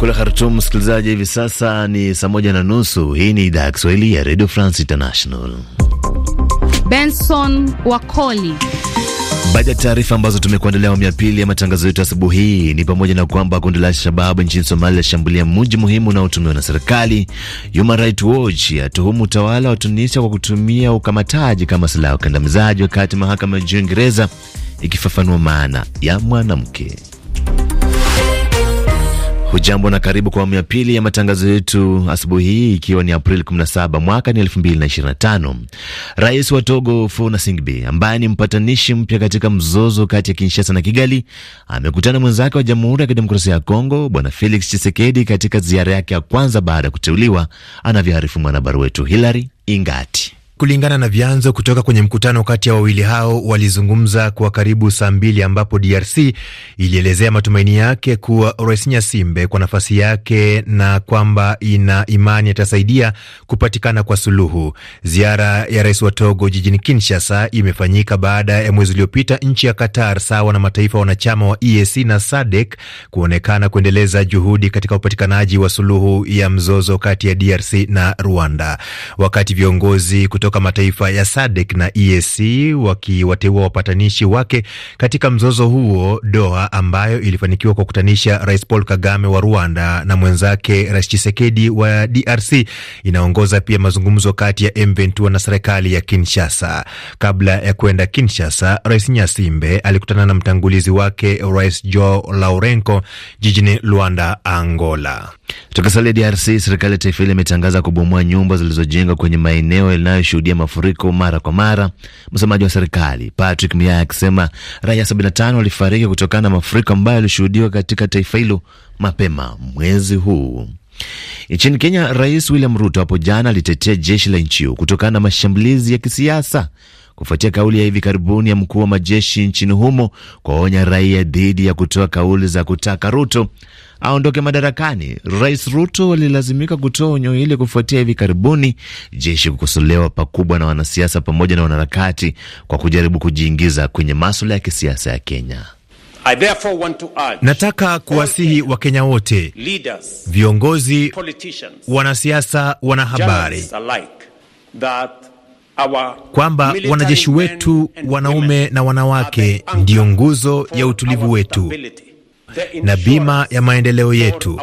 Kule Khartum, msikilizaji, hivi sasa ni saa moja na nusu. Hii ni idhaa ya Kiswahili ya Radio France International. Benson Wakoli. Baada ya taarifa ambazo tumekuandalia awamu ya pili ya matangazo yetu asubuhi hii ni pamoja na kwamba kundi la Shababu nchini Somalia lashambulia mji muhimu unaotumiwa na serikali. Human Rights Watch yatuhumu utawala wa Tunisia kwa kutumia ukamataji kama silaha ukandamizaji, wakati mahakama ya juu Uingereza ikifafanua maana ya mwanamke. Hujambo na karibu kwa awamu ya pili ya matangazo yetu asubuhi hii, ikiwa ni Aprili 17 mwaka ni 2025. Rais wa Togo Fona Singbe, ambaye ni mpatanishi mpya katika mzozo kati ya Kinshasa na Kigali, amekutana mwenzake wa Jamhuri ya Kidemokrasia ya Kongo Bwana Felix Tshisekedi katika ziara yake ya kwanza baada ya kuteuliwa, anavyoarifu mwanahabari wetu Hilary Ingati. Kulingana na vyanzo kutoka kwenye mkutano kati ya wawili hao, walizungumza kwa karibu saa mbili, ambapo DRC ilielezea matumaini yake kuwa Rais Nyasimbe kwa nafasi yake na kwamba ina imani atasaidia kupatikana kwa suluhu. Ziara ya rais wa Togo jijini Kinshasa imefanyika baada ya mwezi uliopita nchi ya Qatar sawa na mataifa wanachama wa EAC na SADC kuonekana kuendeleza juhudi katika upatikanaji wa suluhu ya mzozo kati ya DRC na Rwanda, wakati viongozi kutoka kutoka mataifa ya SADC na EAC wakiwateua wapatanishi wake katika mzozo huo Doha, ambayo ilifanikiwa kukutanisha Rais Paul Kagame wa Rwanda na mwenzake Rais chisekedi wa DRC. Inaongoza pia mazungumzo kati ya M23 na serikali ya Kinshasa. Kabla ya kuenda Kinshasa, Rais Nyasimbe alikutana na mtangulizi wake Rais Joao Lourenco jijini Luanda, Angola. Tukisalia DRC, serikali ya taifa hili imetangaza kubomoa nyumba zilizojengwa kwenye maeneo yanayo kushuhudia mafuriko mara kwa mara, msemaji wa serikali Patrick Mia akisema raia 75 walifariki kutokana na mafuriko ambayo yalishuhudiwa katika taifa hilo mapema mwezi huu. Nchini Kenya, Rais William Ruto hapo jana alitetea jeshi la nchi hiyo kutokana na mashambulizi ya kisiasa kufuatia kauli ya hivi karibuni ya mkuu wa majeshi nchini humo kuwaonya raia dhidi ya kutoa kauli za kutaka Ruto aondoke madarakani. Rais Ruto alilazimika kutoa onyo hili kufuatia hivi karibuni jeshi kukosolewa pakubwa na wanasiasa pamoja na wanaharakati kwa kujaribu kujiingiza kwenye maswala ya kisiasa ya Kenya. I therefore want to urge nataka kuwasihi Wakenya wote, viongozi, wanasiasa, wanahabari kwamba wanajeshi wetu wanaume na wanawake ndiyo nguzo ya utulivu wetu na bima ya maendeleo yetu.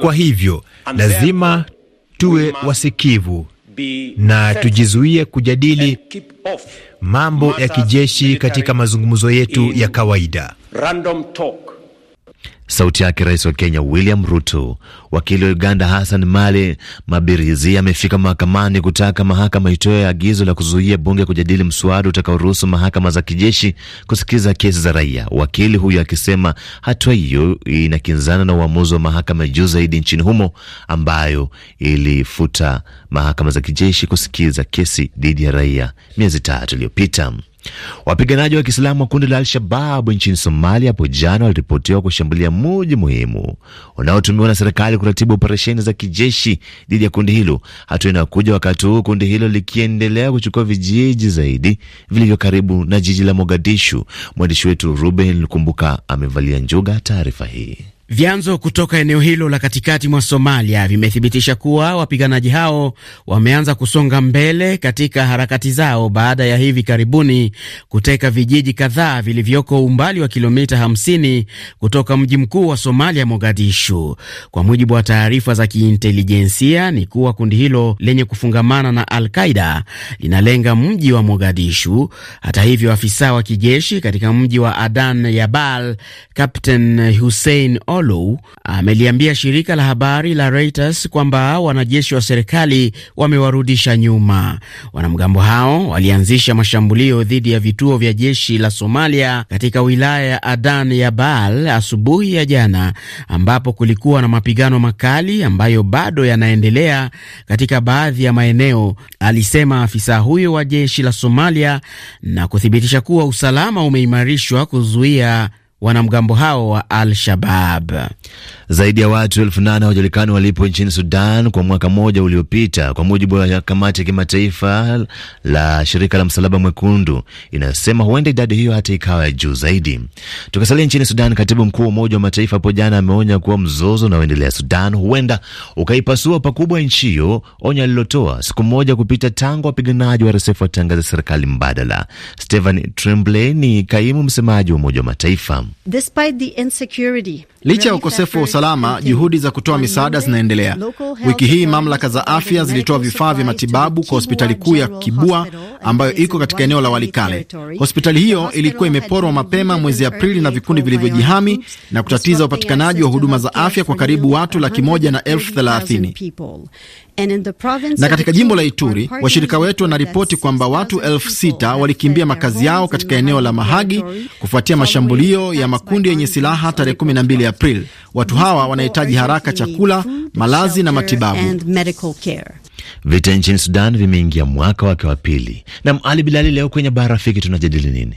Kwa hivyo lazima tuwe wasikivu na tujizuie kujadili mambo ya kijeshi katika mazungumzo yetu ya kawaida. Sauti yake rais wa Kenya William Ruto. Wakili wa Uganda Hassan Male Mabirizi amefika mahakamani kutaka mahakama itoe agizo la kuzuia bunge kujadili mswada utakaoruhusu mahakama za kijeshi kusikiza kesi za raia, wakili huyo akisema hatua hiyo inakinzana na uamuzi wa mahakama juu zaidi nchini humo ambayo ilifuta mahakama za kijeshi kusikiza kesi dhidi ya raia miezi tatu iliyopita. Wapiganaji wa Kiislamu wa kundi la Al-Shababu nchini Somalia hapo jana waliripotiwa kushambulia mji muhimu unaotumiwa na serikali kuratibu operesheni za kijeshi dhidi ya kundi hilo, hatua inayokuja wakati huu kundi hilo likiendelea kuchukua vijiji zaidi vilivyo karibu na jiji la Mogadishu. Mwandishi wetu Ruben kumbuka amevalia njuga taarifa hii. Vyanzo kutoka eneo hilo la katikati mwa Somalia vimethibitisha kuwa wapiganaji hao wameanza kusonga mbele katika harakati zao baada ya hivi karibuni kuteka vijiji kadhaa vilivyoko umbali wa kilomita 50 kutoka mji mkuu wa Somalia, Mogadishu. Kwa mujibu wa taarifa za kiintelijensia, ni kuwa kundi hilo lenye kufungamana na Al Qaida linalenga mji wa Mogadishu. Hata hivyo, afisa wa kijeshi katika mji wa Adan Yabal, Hussein Aolu ameliambia shirika la habari la Reuters kwamba wanajeshi wa serikali wamewarudisha nyuma. Wanamgambo hao walianzisha mashambulio dhidi ya vituo vya jeshi la Somalia katika wilaya ya Adan ya Baal asubuhi ya jana, ambapo kulikuwa na mapigano makali ambayo bado yanaendelea katika baadhi ya maeneo, alisema afisa huyo wa jeshi la Somalia na kuthibitisha kuwa usalama umeimarishwa kuzuia wanamgambo hao wa Al-Shabab. Zaidi ya watu elfu nane hawajulikani walipo nchini Sudan kwa mwaka mmoja uliopita, kwa mujibu wa kamati ya kimataifa la shirika la Msalaba Mwekundu inayosema huenda idadi hiyo hata ikawa ya juu zaidi. Tukisalia nchini Sudan, katibu mkuu wa Umoja wa Mataifa hapo jana ameonya kuwa mzozo unaoendelea Sudan huenda ukaipasua pakubwa nchi hiyo, onyo alilotoa siku moja kupita tangu wapiganaji wa RSF watangaza serikali mbadala. Stephen Tremblay ni kaimu msemaji wa Umoja wa Mataifa. Licha ya ukosefu usalama, juhudi za kutoa misaada zinaendelea. Wiki hii mamlaka za afya zilitoa vifaa vya matibabu kwa hospitali kuu ya Kibua ambayo iko katika eneo la Walikale. Hospitali hiyo ilikuwa imeporwa mapema mwezi Aprili na vikundi vilivyojihami na kutatiza upatikanaji wa huduma za afya kwa karibu watu laki moja na elfu thelathini. Na katika jimbo la Ituri, washirika wetu wanaripoti kwamba watu elfu sita walikimbia makazi yao katika eneo la Mahagi kufuatia mashambulio ya makundi yenye silaha tarehe 12 Aprili. Watu hawa wanahitaji haraka chakula, malazi na matibabu. Vita nchini Sudan vimeingia mwaka wake wa pili. Nam Ali Bilali, leo kwenye Bara Rafiki tunajadili nini?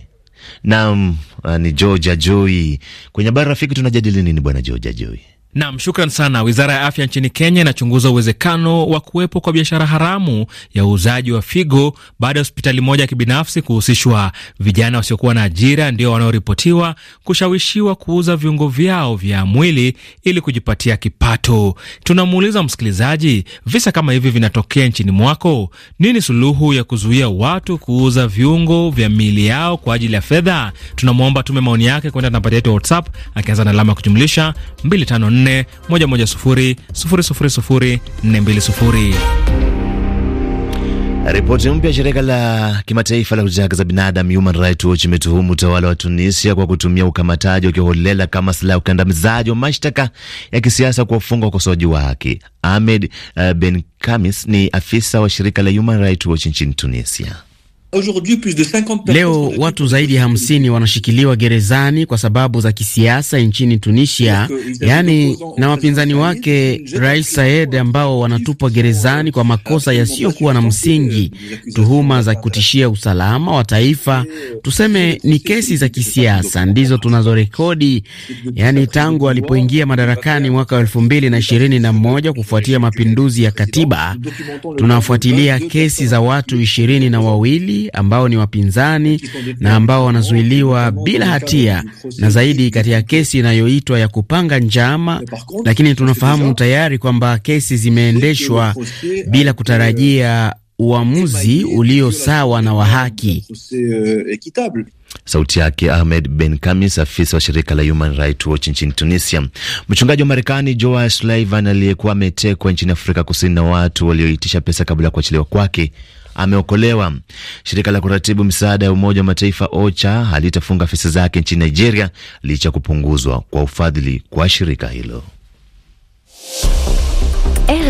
Nam ah, ni Georgia joi kwenye Bara Rafiki tunajadili nini, bwana Georgia Joi? Nam, shukran sana. Wizara ya afya nchini Kenya inachunguza uwezekano wa kuwepo kwa biashara haramu ya uuzaji wa figo baada ya hospitali moja ya kibinafsi kuhusishwa. Vijana wasiokuwa na ajira ndio wanaoripotiwa kushawishiwa kuuza viungo vyao vya mwili ili kujipatia kipato. Tunamuuliza msikilizaji, visa kama hivi vinatokea nchini mwako, nini suluhu ya kuzuia watu kuuza viungo vya miili yao kwa ajili ya fedha? Tunamwomba tume maoni yake kwenda nambari yetu ya WhatsApp akianza na alama ya kujumlisha 254 Ripoti mpya ya shirika la kimataifa la kutetea haki za binadamu Human Rights Watch imetuhumu utawala wa Tunisia kwa kutumia ukamataji wa kiholela kama silaha ya ukandamizaji wa mashtaka ya kisiasa kuwafunga wakosoaji wa haki. Ahmed uh, Ben Kamis ni afisa wa shirika la Human Rights Watch nchini Tunisia leo watu zaidi ya hamsini wanashikiliwa gerezani kwa sababu za kisiasa nchini Tunisia, yaani na wapinzani wake Rais Saed ambao wanatupwa gerezani kwa euh, makosa yasiyokuwa na euh, msingi, tuhuma za kutishia usalama wa taifa. Euh, Tuseme ni kesi za kisiasa ndizo tunazorekodi, yaani tangu alipoingia madarakani mwaka wa elfu mbili na ishirini na moja kufuatia mapinduzi ya katiba, tunafuatilia kesi za watu ishirini na wawili ambao ni wapinzani na ambao wanazuiliwa bila hatia na zaidi katika kesi inayoitwa ya kupanga njama, lakini tunafahamu tayari kwamba kesi zimeendeshwa bila kutarajia uamuzi ulio sawa na wa haki. Sauti yake Ahmed Ben Kamis, afisa wa shirika la Human Rights Watch nchini Tunisia. Mchungaji wa Marekani Joa Sullivan aliyekuwa ametekwa nchini Afrika Kusini na watu walioitisha pesa kabla ya kuachiliwa kwake ameokolewa. Shirika la kuratibu misaada ya Umoja wa Mataifa OCHA halitafunga afisi zake nchini Nigeria licha kupunguzwa kwa ufadhili kwa shirika hilo.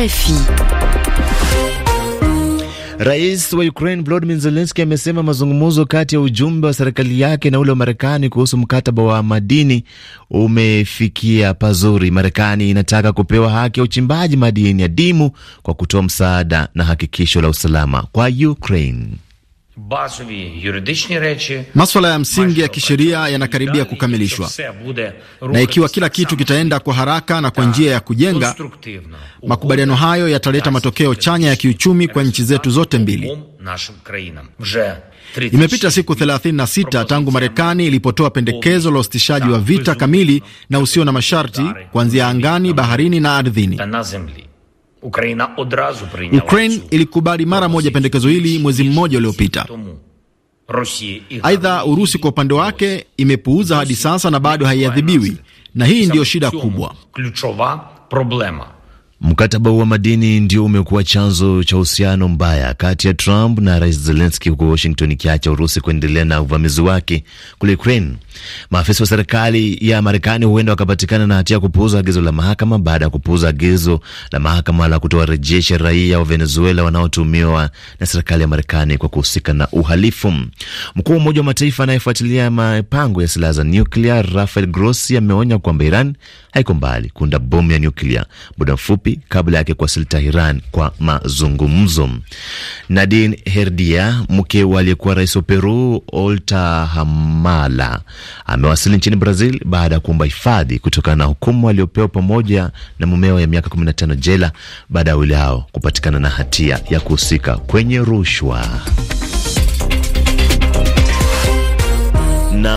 RFI Rais wa Ukraine Volodymyr Zelensky amesema mazungumzo kati ya ujumbe wa serikali yake na ule wa Marekani kuhusu mkataba wa madini umefikia pazuri. Marekani inataka kupewa haki ya uchimbaji madini adimu kwa kutoa msaada na hakikisho la usalama kwa Ukraine. Maswala ya msingi ya kisheria yanakaribia kukamilishwa, na ikiwa kila kitu kitaenda kwa haraka na kwa njia ya kujenga, makubaliano hayo yataleta matokeo chanya ya kiuchumi kwa nchi zetu zote mbili. Imepita siku 36 tangu Marekani ilipotoa pendekezo la usitishaji wa vita kamili na usio na masharti kuanzia angani, baharini na ardhini. Ukraina odrazu prinyala. Ukraine ilikubali mara moja pendekezo hili mwezi mmoja uliopita. Aidha, Urusi kwa upande wake imepuuza hadi sasa na bado haiadhibiwi, na hii ndiyo shida kubwa. Mkataba wa madini ndio umekuwa chanzo cha uhusiano mbaya kati ya Trump na rais Zelenski, huko Washington ikiacha Urusi kuendelea na uvamizi wake kule Ukraine. Maafisa wa serikali ya Marekani huenda wakapatikana na hatia ya kupuuza agizo la mahakama baada ya kupuuza agizo la mahakama la kutowarejesha raia wa Venezuela wanaotumiwa na serikali ya Marekani kwa kuhusika na uhalifu. Mkuu wa Umoja wa Mataifa anayefuatilia mipango ya silaha za nyuklia Rafael Grossi ameonya kwamba Iran haiko mbali kuunda bomu ya nyuklia muda mfupi mafupi kabla yake kuwasili Tehran kwa mazungumzo. Nadine Herdia, mke wa aliyekuwa rais wa Peru Olta Hamala, amewasili nchini Brazil baada ya kuomba hifadhi kutokana na hukumu aliyopewa pamoja na mumewa ya miaka 15 jela baada ya wili hao kupatikana na hatia ya kuhusika kwenye rushwa.